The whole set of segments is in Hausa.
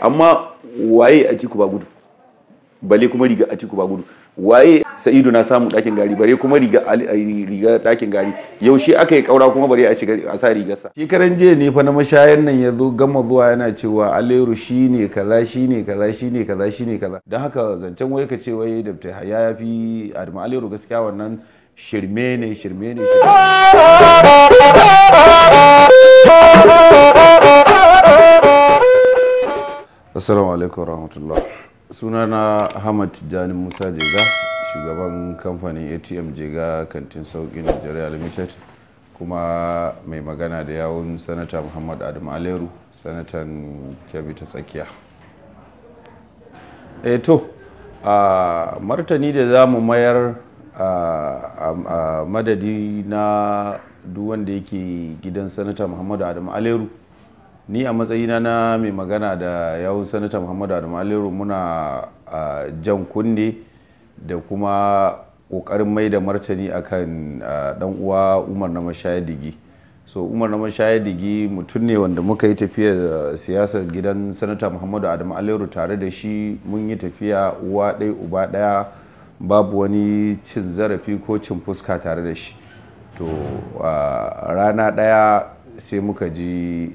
amma waye a ba gudu bale kuma riga a ba gudu waye sa'idu na samu dakin gari bare kuma riga eh, riga dakin gari yaushe aka yi kaura kuma bare a shiga a sa rigarsa shekaran jiya ne fa na mashayan nan ya zo gama zuwa yana cewa aleru shine kaza shine kaza shine kaza shine kaza don haka zancen wai ka ce wai da haya ya fi adama aleru gaskiya wannan shirme ne shirme ne shirme assalamu alaikum rahmatullah sunana hamad tijjani musa jega shugaban kamfanin atm jega kantin sauki nigeria limited kuma mai magana da yawun sanata muhammad adam aleru sanatan kebbi ta tsakiya e to a martani da za mu mayar a madadi na duk wanda yake gidan sanata muhammad adam aleru ni a matsayina na mai magana da yawun sanata muhammadu adamu aliru muna jan kunne da kuma ƙoƙarin mai da martani akan dan uwa umar na mashaya digi so umar na mashaya digi mutum ne wanda muka yi tafiya siyasar gidan sanata muhammadu adamu aliru tare da shi mun yi tafiya uwa ɗaya uba ɗaya babu wani cin zarafi ko cin fuska tare da shi to rana ɗaya sai muka ji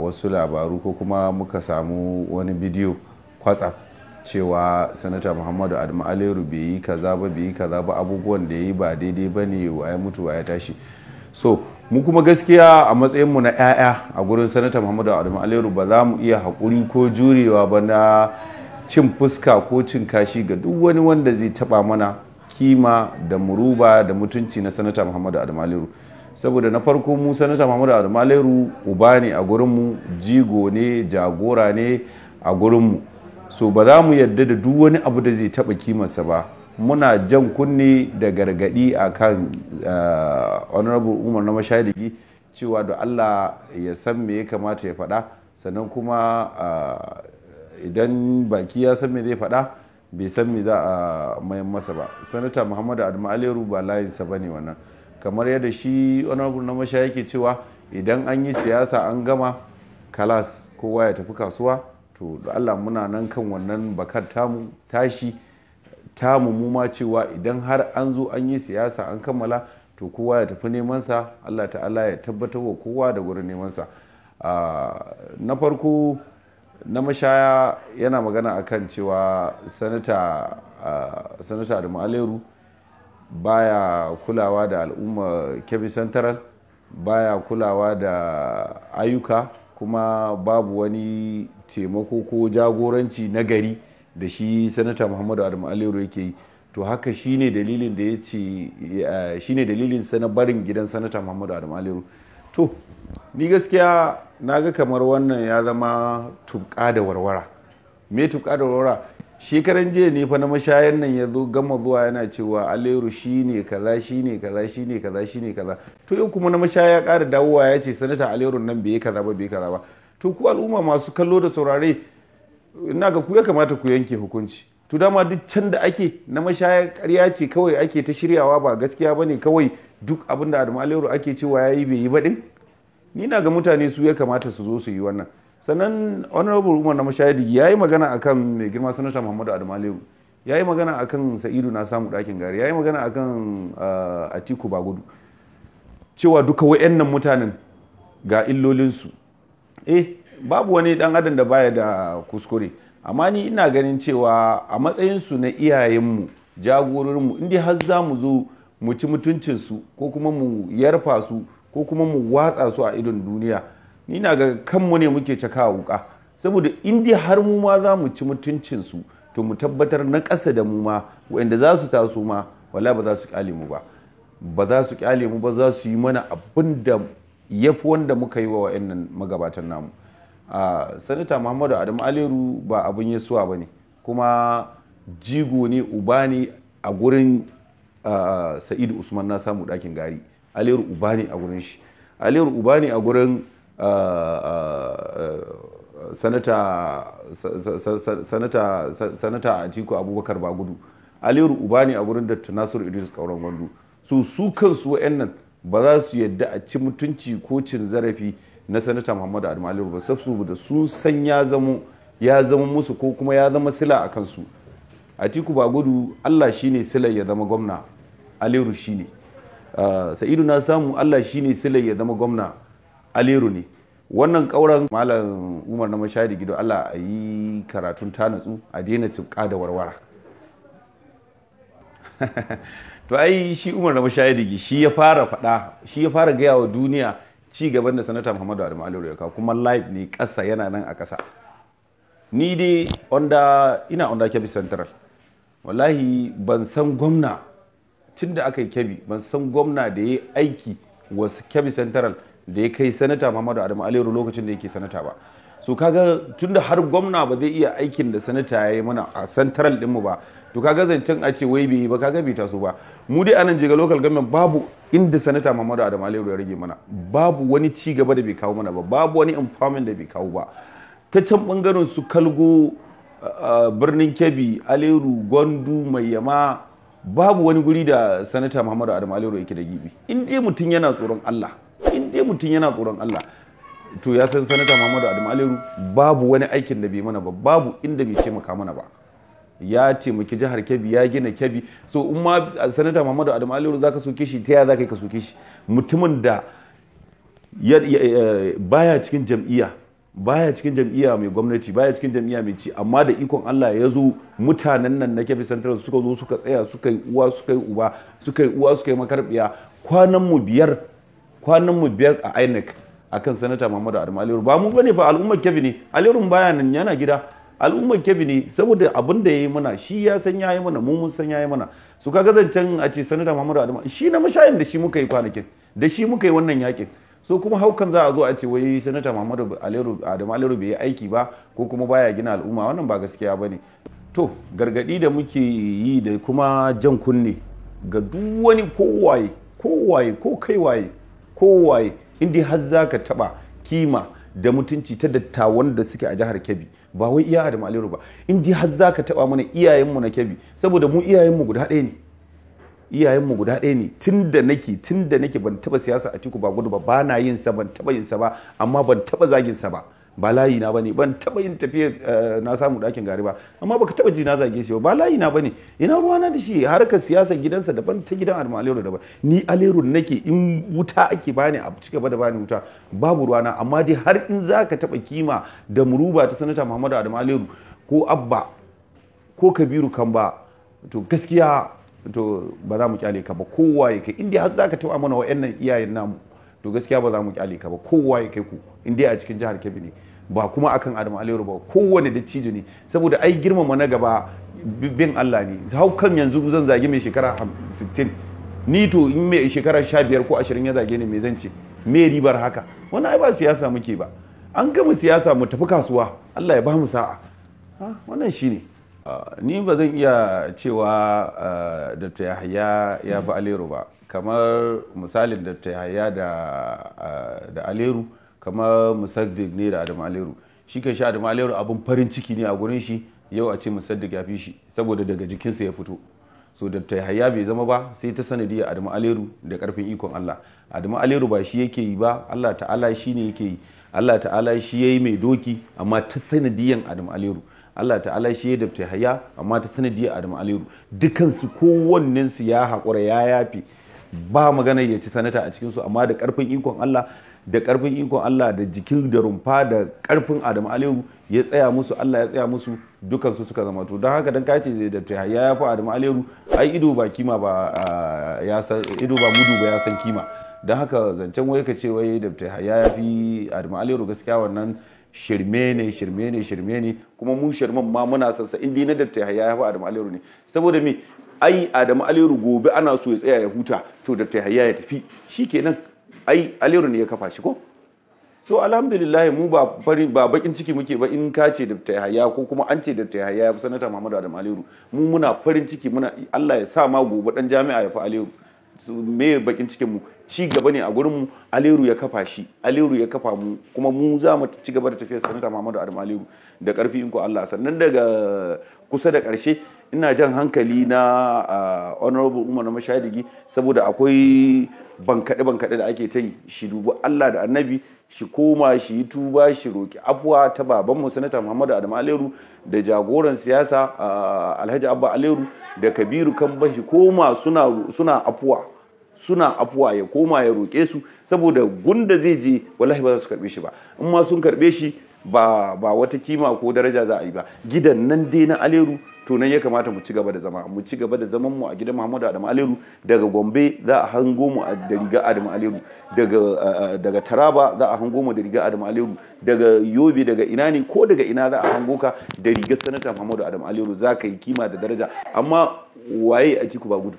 wasu labaru ko kuma muka samu wani bidiyo kwatsam cewa sanata muhammadu adamu aliyu bai yi kaza ba bai yi kaza ba abubuwan da ya yi ba daidai ba ne wa ya mutu wa ya tashi so mu kuma gaskiya a matsayinmu na 'ya'ya a gurin sanata muhammadu adamu aliyu ba za mu iya haƙuri ko jurewa ba na cin fuska ko cin kashi ga duk wani wanda zai taɓa mana kima da muruba da mutunci na sanata muhammadu adamu aliyu saboda na farko mu sanata Muhammadu Adamu Maleru uba ne a gurinmu jigo ne jagora ne a gurinmu so ba za mu yadda da duk wani abu da zai taɓa kimarsa ba muna jan kunne da gargadi a kan eh, honorable umar na mashahidigi cewa da allah ya san me ya kamata ya faɗa sannan kuma eh, idan baki ya san me zai faɗa bai san me za a mayan masa ba sanata muhammadu adamu aleru ba layinsa ba ne wannan kamar yadda shi honorable na masha yake cewa idan an yi siyasa an gama kalas kowa ya tafi kasuwa to allah muna nan kan wannan bakar tamu tashi tamu mu ma cewa idan har an zo an yi siyasa an kammala to kowa ya tafi nemansa allah ta'ala ya tabbatar wa kowa da wurin nemansa ah, na farko na mashaya yana magana akan cewa sanata ah, da ma'aleru baya kulawa da al'umma kebbi central baya kulawa da ayyuka kuma babu wani taimako ko jagoranci na gari da shi sanata muhammadu adamu aliyu yake yi to haka shine dalilin da ya ce shine dalilin sana barin gidan sanata muhammadu adamu aliyu to ni gaskiya na ga kamar wannan ya zama tuka da warwara me tuka da warwara shekaran jiya ne fa na mashayar nan ya zo gama zuwa yana cewa aleru shi ne kaza shi ne kaza shi ne kaza shi ne kaza to yau kuma na mashaya ƙara dawowa ya ce sanata aleru nan bai kaza ba bai kaza ba to ku al'umma masu kallo da saurare ina ga ku ya kamata ku yanke hukunci to dama duk can da ake na mashaya ƙarya ce kawai ake ta shiryawa ba gaskiya ba ne kawai duk abinda da adamu ake cewa ya yi bai yi ba ɗin ni na ga mutane su ya kamata su zo su yi wannan sannan honorable umar na mashahidigi ya yi magana akan mai girma sanata muhammadu adamaliyu ya yi magana akan sa'idu na samu ɗakin gari ya yi magana akan ah, atiku bagudu cewa duka wa'annan mutanen ga illolinsu eh babu wani dan adam da baya da kuskure amma ni ina ganin cewa a matsayinsu na iyayenmu jagororinmu inda har za mu zo mu ci mutuncinsu ko kuma mu yarfa su ko kuma mu watsa su a idon duniya ni na ga kanmu ne muke caka wuka saboda in har mu ma za mu ci mutuncinsu to mu tabbatar na ƙasa da mu ma waɗanda za su taso ma wala ba za su ƙyale mu ba ba za su ƙyale mu ba za su yi mana abin da ya fi wanda muka yi wa waɗannan magabatan namu sanata muhammadu adamu aleru ba abin yasuwa ba ne kuma jigo ne uba ne a gurin sa'idu usman na samu ɗakin gari aliru uba ne a gurin shi aliru uba ne a gurin sanata atiku abubakar bagudu aliyu uba ne a gurin da nasiru idris kauran wandu su su kansu nan ba za su yadda a ci mutunci ko cin zarafi na sanata muhammadu adamu aliyu ba saboda su san ya zamo ya zama musu ko kuma ya zama sila a kansu atiku bagudu allah shine silai ya zama gwamna aliyu shine uh, sa'idu na samu allah shine silai ya zama gwamna aliru ne wannan kauran malam umar na mashari gido allah a yi karatun ta natsu a daina tuka da warwara to ai shi umar na mashahidi shi ya fara fada shi ya fara gaya wa duniya ci gaban da sanata muhammadu adamu aliru ya kawo kuma live ne kasa yana nan a kasa ni dai ina onda kebi central wallahi ban san gwamna tun aka yi kebi ban san gwamna da ya yi aiki wasu kebi central da ya kai sanata Muhammadu Adamu Aliyu lokacin da yake sanata ba so kaga tunda har gwamna ba zai iya aikin da sanata ya yi mana a central mu ba to kaga zancen a ce wai bai ba kaga bai taso ba mu dai anan jiga local government babu inda sanata Muhammadu Adamu Aliyu ya rage mana babu wani ci gaba da bai kawo mana ba babu wani empowerment da bai kawo ba ta can bangaren su kalgo birnin Kebbi Aliyu Gwandu Mayyama babu wani guri da sanata Muhammadu Adamu Aliyu yake da gibi in dai mutum yana tsoron Allah in dai mutum yana tsoron Allah to ya san sanata Muhammadu Adamu Aliyu babu wani aikin da bai mana ba babu inda bai taimaka mana ba ya taimaki jihar Kebbi ya gina Kebbi so in ma sanata Muhammadu Adamu Aliyu zaka soke shi ta ya zaka ka soke shi mutumin da baya cikin jam'iyya baya cikin jam'iyya mai gwamnati baya cikin jam'iyya mai ci amma da ikon Allah ya zo mutanen nan na Kebbi Central suka zo suka tsaya suka yi uwa suka yi uba suka yi uwa suka yi makarbiya kwanan mu biyar kwanan mu biyar a INEC akan sanata Muhammadu Adamu Aliyu ba mu bane fa al'ummar Kebbi ne Aliyu baya nan yana gida al'ummar Kebbi ne saboda abin da yayi mana shi ya san yayi mana mu mun san yayi mana su kaga zancen a ce sanata Muhammadu Adamu shi na mashayin da shi muka yi kwanakin da shi muka yi wannan yakin so kuma haukan za a zo a ce wai sanata Muhammadu Adamu Aliyu bai yi aiki ba ko kuma baya gina al'umma wannan ba gaskiya ne. to gargadi da muke yi da kuma jan kunne ga duk wani kowaye kowaye ko kai waye kowaye inda har za ka taɓa kima da mutunci ta dattawan da suke a jihar kebbi ba wai iya adam aliyu ba in ji har za ka taɓa mana iyayenmu na kebbi saboda mu iyayenmu guda ɗaya ne iyayenmu guda ɗaya ne tun da nake tun da nake ban taba siyasa a tiku ba gudu ba ba na yin sa ban taba yin sa ba amma ban taɓa zagin sa ba ba layi na bane ban taba yin tafiya eh, na samu dakin gari ba amma baka taba ji na zage shi ba layi na bane ina ruwa na da shi harkar siyasar gidansa daban ta gidan almalero daban ni aleru nake in wuta ake bani a cika ba da bani wuta babu ruwa na amma dai har in zaka taba kima da muruba ta sanata Muhammadu Adamu Alero ko Abba ko Kabiru Kamba to gaskiya to ba za mu kyale ka ba kowa yake inda har zaka taba mana wa'annan iyayen namu to gaskiya ba za mu kyale ka ba kowa ya kai ku in dai a cikin jihar Kebbi ne ba kuma akan Adamu Aliyu ba kowane cijo ne saboda ai girmama na gaba bin Allah ne hau kan yanzu zan zage mai shekara 60 ni to in mai shekara 15 ko 20 ya zage ni me zan ce me ribar haka wani ai ba siyasa muke ba an gama siyasa mu tafi kasuwa Allah ya ba mu sa'a wannan shine ah, ni ba zan iya cewa ta ah, Yahaya ya fi Aliyu ba kamar misalin da ta da da aleru kamar musaddiq ne da adam aleru shi kan shi adam aleru abin farin ciki ne a gurin shi yau a ce musaddiq ya fi shi saboda daga jikinsa ya fito so da ta bai zama ba sai ta sanadiyar adam aleru da karfin ikon Allah adam aleru ba shi yake yi ba Allah ta'ala shi ne yake yi Allah ta'ala shi ya yi mai doki amma ta sanadiyar adam aleru Allah ta'ala shi ya dabta haya amma ta sanadiyar adamu aleru dukansu kowannensu ya haƙura ya yafi ba magana ya ci sanata a cikinsu amma da karfin ikon Allah da karfin ikon Allah da jikin da rumfa da karfin Adamu Aliyu ya tsaya musu Allah ya tsaya musu dukan su suka zama to don haka dan kace da Yahaya ya fi Adamu Aliyu ai ido ba kima ba ya san ido ba mudu ba ya san kima don haka zancen wai ka ce wai da Yahaya ya fi Adamu Aliyu gaskiya wannan shirme ne shirme ne shirme ne kuma mu shirman ma muna sassa indi na dabta yahaya ya fi adamu aliyu ne saboda me ai adamu aliru gobe ana so ya tsaya ya huta to da yahaya ya tafi shikenan ai aliru ne ya kafa shi ko so alhamdulillah mu ba ba bakin ciki muke ba in ka ce da yahaya ko kuma an ce da yahaya ya sanata muhammadu adamu aliru mu muna farin ciki muna allah ya sa ma gobe dan jami'a ya fi aliru me bakin cikin mu ci gaba ne a gurinmu aliru ya kafa shi aliru ya kafa mu kuma mu za mu ci gaba da tafiyar sanata Muhammadu Adamu Aliru da karfi in ko Allah sannan daga kusa da karshe ina jan hankali na honorable Umar Mashadigi saboda akwai bankaɗe bankaɗe da ake ta yi shi dubu Allah da Annabi shi koma shi yi tuba shi roki afuwa ta babanmu sanata Muhammadu Adamu Aliru da jagoran siyasa Alhaji Abba Aliru da Kabiru Kambahi koma suna suna afuwa suna afuwa ya koma ya roƙe su saboda gunda zai je wallahi ba za su karɓe shi ba in ma sun karɓe shi ba wata kima ko daraja za a yi ba gidan nan dai na aleru to nan ya kamata mu ci gaba da zama mu ci gaba da zaman mu a gidan Muhammadu Adamu Aleru daga Gombe za a hango mu da riga Adamu Aleru daga Taraba za a hango mu da riga Adamu Aleru daga Yobe daga ina ne ko daga ina za a hango ka da rigar sanata Muhammadu Adamu Aleru za ka yi kima da daraja amma waye a ciku ba gudu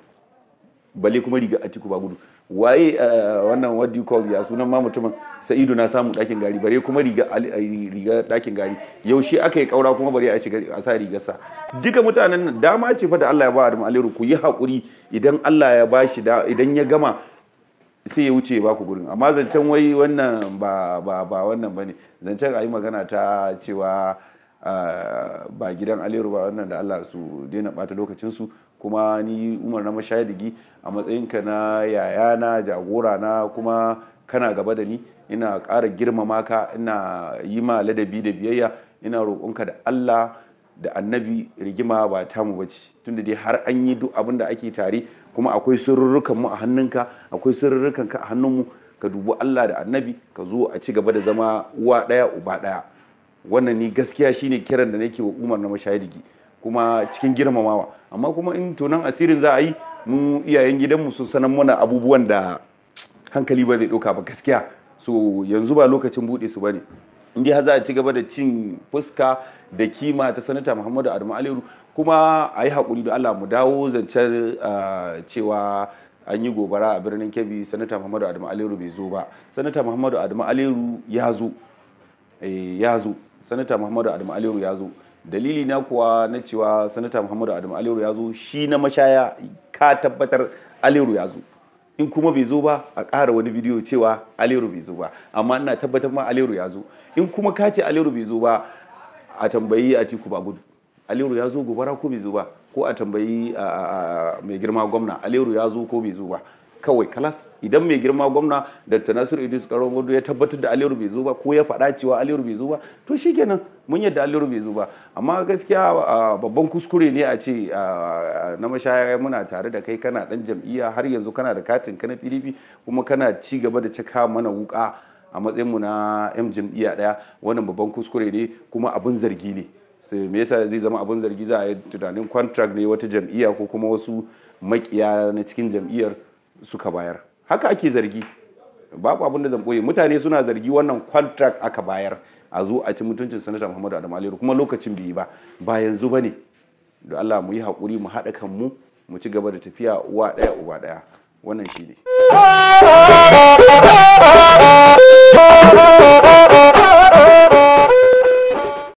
bale kuma riga atiku ba gudu waye eh, wannan what do you call ya sunan ma mutumin sa'idu na samu dakin gari bare kuma riga eh, riga dakin gari yaushe aka yi kaura kuma bare a shiga a sa rigarsa duka mutanen nan dama ce fa da Allah ya ba Adam Aliru ku yi hakuri idan Allah ya bashi da idan ya gama sai ya wuce ba ku gurin amma zancen wai wannan ba ba ba wannan bane zancen ayi magana ta cewa eh, ba gidan Aliru ba wannan da Allah su daina bata lokacin su kuma ni umar na mashayadigi a matsayinka na yaya na jagora na kuma kana gaba da ni ina kara girmama ka ina yi ma ladabi da biyayya ina roƙonka da Allah da annabi rigima ba tamu bace tunda dai har an yi duk abin da ake tare kuma akwai sirrurrukan mu a hannunka akwai sirrurrukan ka a hannunmu ka dubi Allah da annabi ka zo a ci gaba da zama uwa ɗaya uba ɗaya wannan ni gaskiya shine kiran da nake wa umar na mashayadigi kuma cikin girmamawa amma kuma in tonan asirin za a yi mu iyayen gidanmu sun sanar mana abubuwan da hankali ba zai ɗauka ba gaskiya so yanzu ba lokacin buɗe su ba ne in za a ci gaba da cin fuska da kima ta sanata muhammadu adamu aliyu kuma a yi haƙuri da allah mu dawo zancen cewa an yi gobara a birnin kebbi sanata muhammadu adamu aliyu bai zo ba sanata muhammadu adamu aliyu ya zo eh, ya zo sanata muhammadu adamu aliyu ya zo dalili na kuwa na cewa sanata muhammadu adamu aliyu ya zo shi na mashaya ka tabbatar aliyu ya zo in kuma bai zo ba a ƙara wani bidiyo cewa aliyu bai zo ba amma ina tabbatar ma aliyu ya zo in kuma ka ce aliyu bai zo ba a tambayi a tiku ba gudu aliyu ya zo gobara ko bai zo ba ko a tambayi mai girma gwamna aliyu ya zo ko bai zo ba kawai kalas idan mai girma gwamna da nasiru idris karon gudu ya tabbatar da aliyu bai zo ba ko ya faɗa cewa aliyu bai zo ba to shikenan mun yadda aliyu bai zo ba amma gaskiya babban kuskure ne a ce na mashaya muna tare da kai kana dan jam'iyya har yanzu kana da katin kana pdp kuma kana ci gaba da cika mana wuka a matsayin mu na 'yan jam'iyya daya wannan babban kuskure ne kuma abin zargi ne sai me yasa zai zama abin zargi za a yi tunanin contract ne wata jam'iyya ko kuma wasu makiya na cikin jam'iyyar suka bayar haka ake zargi babu abin da zan boye mutane suna zargi wannan contract aka bayar a zo a ci mutuncin sanata muhammadu adamu aliyu kuma lokacin bai yi ba ba yanzu ba ne da allah mu yi haƙuri mu haɗa kanmu mu ci gaba da tafiya uwa ɗaya uba ɗaya wannan shi ne